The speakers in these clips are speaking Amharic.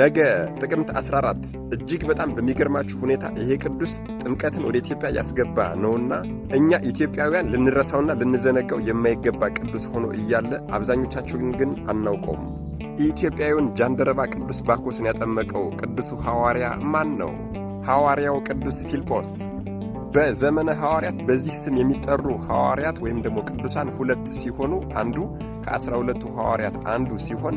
ነገ ጥቅምት 14 እጅግ በጣም በሚገርማችሁ ሁኔታ ይሄ ቅዱስ ጥምቀትን ወደ ኢትዮጵያ ያስገባ ነውና እኛ ኢትዮጵያውያን ልንረሳውና ልንዘነጋው የማይገባ ቅዱስ ሆኖ እያለ አብዛኞቻችሁን ግን አናውቀውም። የኢትዮጵያዊውን ጃንደረባ ቅዱስ ባኮስን ያጠመቀው ቅዱሱ ሐዋርያ ማን ነው? ሐዋርያው ቅዱስ ፊልጶስ። በዘመነ ሐዋርያት በዚህ ስም የሚጠሩ ሐዋርያት ወይም ደግሞ ቅዱሳን ሁለት ሲሆኑ አንዱ ከአስራ ሁለቱ ሐዋርያት አንዱ ሲሆን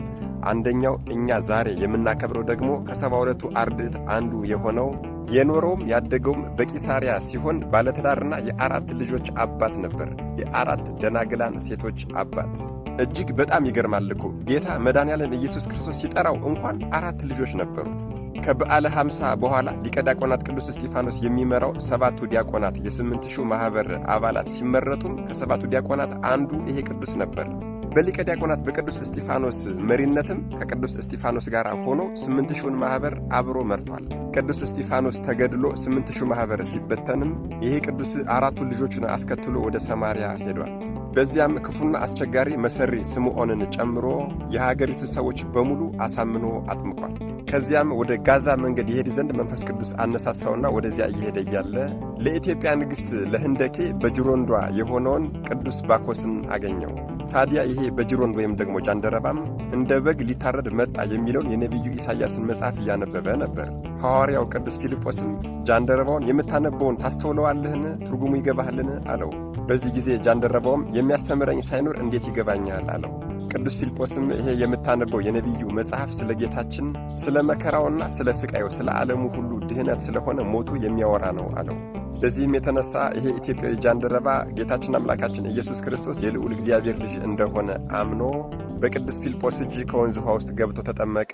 አንደኛው እኛ ዛሬ የምናከብረው ደግሞ ከሰባ ሁለቱ አርድእት አንዱ የሆነው የኖረውም ያደገውም በቂሳሪያ ሲሆን ባለትዳርና የአራት ልጆች አባት ነበር። የአራት ደናግላን ሴቶች አባት። እጅግ በጣም ይገርማል እኮ ጌታ መድኃኔዓለም ኢየሱስ ክርስቶስ ሲጠራው እንኳን አራት ልጆች ነበሩት። ከበዓለ ሐምሳ በኋላ ሊቀ ዲያቆናት ቅዱስ እስጢፋኖስ የሚመራው ሰባቱ ዲያቆናት የስምንት ሺው ማኅበር አባላት ሲመረጡም ከሰባቱ ዲያቆናት አንዱ ይሄ ቅዱስ ነበር። በሊቀ ዲያቆናት በቅዱስ እስጢፋኖስ መሪነትም ከቅዱስ እስጢፋኖስ ጋር ሆኖ ስምንት ሺውን ማኅበር አብሮ መርቷል። ቅዱስ እስጢፋኖስ ተገድሎ ስምንት ሺው ማኅበር ሲበተንም ይሄ ቅዱስ አራቱን ልጆቹን አስከትሎ ወደ ሰማርያ ሄዷል። በዚያም ክፉና አስቸጋሪ መሰሪ ስምዖንን ጨምሮ የሀገሪቱን ሰዎች በሙሉ አሳምኖ አጥምቋል። ከዚያም ወደ ጋዛ መንገድ ይሄድ ዘንድ መንፈስ ቅዱስ አነሳሳውና ወደዚያ እየሄደ እያለ ለኢትዮጵያ ንግሥት ለህንደኬ በጅሮንዷ የሆነውን ቅዱስ ባኮስን አገኘው። ታዲያ ይሄ በጅሮን ወይም ደግሞ ጃንደረባም እንደ በግ ሊታረድ መጣ የሚለውን የነቢዩ ኢሳይያስን መጽሐፍ እያነበበ ነበር። ሐዋርያው ቅዱስ ፊልጶስም ጃንደረባውን የምታነበውን ታስተውለዋለህን? ትርጉሙ ይገባህልን? አለው። በዚህ ጊዜ ጃንደረባውም የሚያስተምረኝ ሳይኖር እንዴት ይገባኛል? አለው። ቅዱስ ፊልጶስም ይሄ የምታነበው የነቢዩ መጽሐፍ ስለ ጌታችን ስለ መከራውና ስለ ስቃዩ ስለ ዓለሙ ሁሉ ድህነት ስለሆነ ሞቱ የሚያወራ ነው አለው። በዚህም የተነሳ ይሄ ኢትዮጵያዊ ጃንደረባ ጌታችን አምላካችን ኢየሱስ ክርስቶስ የልዑል እግዚአብሔር ልጅ እንደሆነ አምኖ በቅዱስ ፊልጶስ እጅ ከወንዝ ውሃ ውስጥ ገብቶ ተጠመቀ።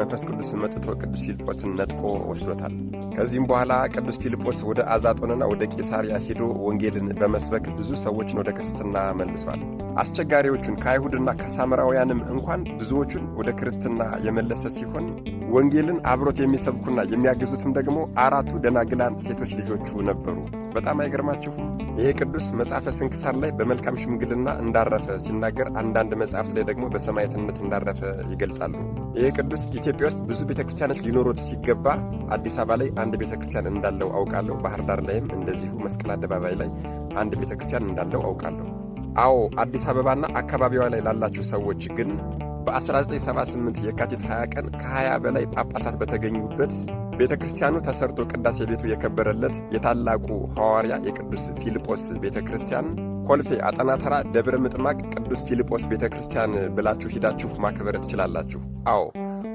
መንፈስ ቅዱስ መጥቶ ቅዱስ ፊልጶስን ነጥቆ ወስዶታል። ከዚህም በኋላ ቅዱስ ፊልጶስ ወደ አዛጦንና ወደ ቄሳርያ ሂዶ ወንጌልን በመስበክ ብዙ ሰዎችን ወደ ክርስትና መልሷል። አስቸጋሪዎቹን ከአይሁድና ከሳምራውያንም እንኳን ብዙዎቹን ወደ ክርስትና የመለሰ ሲሆን ወንጌልን አብሮት የሚሰብኩና የሚያግዙትም ደግሞ አራቱ ደናግላን ሴቶች ልጆቹ ነበሩ። በጣም አይገርማችሁ? ይህ ቅዱስ መጽሐፈ ስንክሳር ላይ በመልካም ሽምግልና እንዳረፈ ሲናገር፣ አንዳንድ መጽሐፍት ላይ ደግሞ በሰማዕትነት እንዳረፈ ይገልጻሉ። ይህ ቅዱስ ኢትዮጵያ ውስጥ ብዙ ቤተ ክርስቲያኖች ሊኖሩት ሲገባ አዲስ አበባ ላይ አንድ ቤተ ክርስቲያን እንዳለው አውቃለሁ። ባህር ዳር ላይም እንደዚሁ መስቀል አደባባይ ላይ አንድ ቤተ ክርስቲያን እንዳለው አውቃለሁ። አዎ አዲስ አበባና አካባቢዋ ላይ ላላችሁ ሰዎች ግን በ1978 የካቲት 20 ቀን ከ20 በላይ ጳጳሳት በተገኙበት ቤተ ክርስቲያኑ ተሰርቶ ቅዳሴ ቤቱ የከበረለት የታላቁ ሐዋርያ የቅዱስ ፊልጶስ ቤተ ክርስቲያን ኮልፌ አጠናተራ ደብረ ምጥማቅ ቅዱስ ፊልጶስ ቤተ ክርስቲያን ብላችሁ ሂዳችሁ ማክበር ትችላላችሁ። አዎ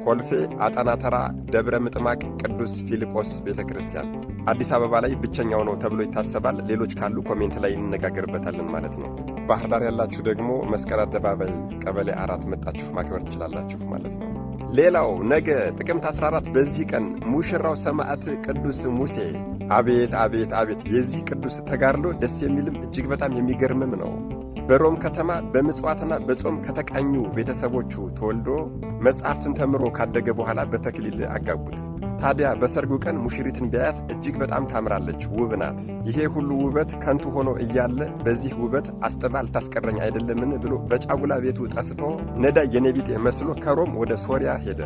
ኮልፌ አጠናተራ ደብረ ምጥማቅ ቅዱስ ፊልጶስ ቤተ ክርስቲያን አዲስ አበባ ላይ ብቸኛው ነው ተብሎ ይታሰባል። ሌሎች ካሉ ኮሜንት ላይ እንነጋገርበታለን ማለት ነው። ባህር ዳር ያላችሁ ደግሞ መስቀል አደባባይ ቀበሌ አራት መጣችሁ ማክበር ትችላላችሁ ማለት ነው። ሌላው ነገ ጥቅምት 14 በዚህ ቀን ሙሽራው ሰማዕት ቅዱስ ሙሴ አቤት አቤት አቤት! የዚህ ቅዱስ ተጋድሎ ደስ የሚልም እጅግ በጣም የሚገርምም ነው። በሮም ከተማ በምጽዋትና በጾም ከተቃኙ ቤተሰቦቹ ተወልዶ መጻሕፍትን ተምሮ ካደገ በኋላ በተክሊል አጋቡት። ታዲያ በሰርጉ ቀን ሙሽሪትን ቢያያት እጅግ በጣም ታምራለች፣ ውብ ናት። ይሄ ሁሉ ውበት ከንቱ ሆኖ እያለ በዚህ ውበት አስጥባ ልታስቀረኝ አይደለምን ብሎ በጫጉላ ቤቱ ጠፍቶ ነዳይ የኔቢጤ መስሎ ከሮም ወደ ሶሪያ ሄደ።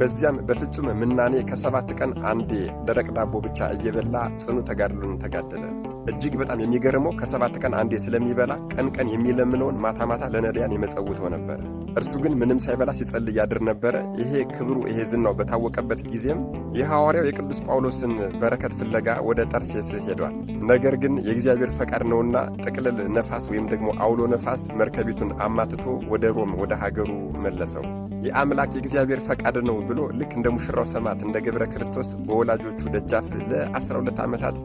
በዚያም በፍጹም ምናኔ ከሰባት ቀን አንዴ ደረቅ ዳቦ ብቻ እየበላ ጽኑ ተጋድሎን ተጋደለ። እጅግ በጣም የሚገርመው ከሰባት ቀን አንዴ ስለሚበላ ቀን ቀን የሚለምነውን ማታ ማታ ለነዳያን የመጸውተው ነበረ። እርሱ ግን ምንም ሳይበላ ሲጸልይ ያድር ነበረ። ይሄ ክብሩ ይሄ ዝናው በታወቀበት ጊዜም የሐዋርያው የቅዱስ ጳውሎስን በረከት ፍለጋ ወደ ጠርሴስ ሄዷል። ነገር ግን የእግዚአብሔር ፈቃድ ነውና ጥቅልል ነፋስ ወይም ደግሞ አውሎ ነፋስ መርከቢቱን አማትቶ ወደ ሮም ወደ ሀገሩ መለሰው። የአምላክ የእግዚአብሔር ፈቃድ ነው ብሎ ልክ እንደ ሙሽራው ሰማዕት እንደ ገብረ ክርስቶስ በወላጆቹ ደጃፍ ለ12 ዓመታት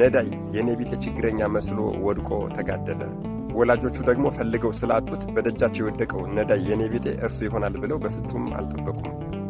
ነዳይ የኔቢጤ ችግረኛ መስሎ ወድቆ ተጋደለ። ወላጆቹ ደግሞ ፈልገው ስላጡት በደጃቸው የወደቀው ነዳይ የኔቢጤ እርሱ ይሆናል ብለው በፍጹም አልጠበቁም።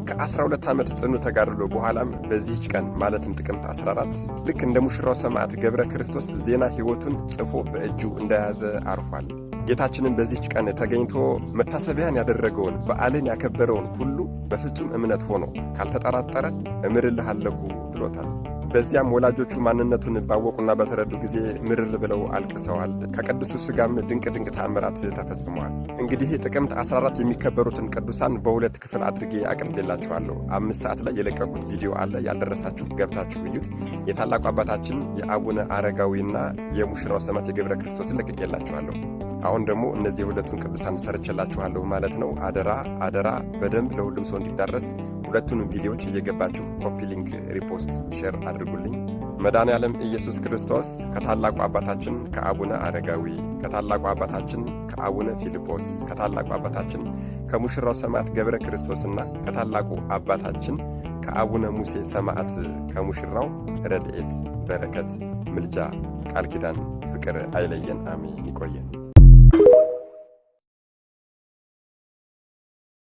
ከ12 ዓመት ጽኑ ተጋድሎ በኋላም በዚህች ቀን ማለትም ጥቅምት 14 ልክ እንደ ሙሽራው ሰማዕት ገብረ ክርስቶስ ዜና ሕይወቱን ጽፎ በእጁ እንደያዘ አርፏል። ጌታችንም በዚህች ቀን ተገኝቶ መታሰቢያን ያደረገውን በዓልን ያከበረውን ሁሉ በፍጹም እምነት ሆኖ ካልተጠራጠረ እምርልሃለሁ ብሎታል። በዚያም ወላጆቹ ማንነቱን ባወቁና በተረዱ ጊዜ ምርር ብለው አልቅሰዋል። ከቅዱሱ ስጋም ድንቅ ድንቅ ተአምራት ተፈጽመዋል። እንግዲህ ጥቅምት 14 የሚከበሩትን ቅዱሳን በሁለት ክፍል አድርጌ አቅርቤላችኋለሁ። አምስት ሰዓት ላይ የለቀቁት ቪዲዮ አለ። ያልደረሳችሁ ገብታችሁ እዩት። የታላቁ አባታችን የአቡነ አረጋዊና የሙሽራው ሰማዕት የገብረ ክርስቶስን ለቅቄላችኋለሁ። አሁን ደግሞ እነዚህ ሁለቱን ቅዱሳን ሰርችላችኋለሁ ማለት ነው። አደራ አደራ በደንብ ለሁሉም ሰው እንዲዳረስ ሁለቱንም ቪዲዮዎች እየገባችሁ ኮፒ፣ ሊንክ፣ ሪፖስት፣ ሼር አድርጉልኝ። መድኃኔ ዓለም ኢየሱስ ክርስቶስ ከታላቁ አባታችን ከአቡነ አረጋዊ ከታላቁ አባታችን ከአቡነ ፊልጶስ ከታላቁ አባታችን ከሙሽራው ሰማዕት ገብረ ክርስቶስና ከታላቁ አባታችን ከአቡነ ሙሴ ሰማዕት ከሙሽራው ረድኤት፣ በረከት፣ ምልጃ፣ ቃል ኪዳን፣ ፍቅር አይለየን። አሜን። ይቆየን። you.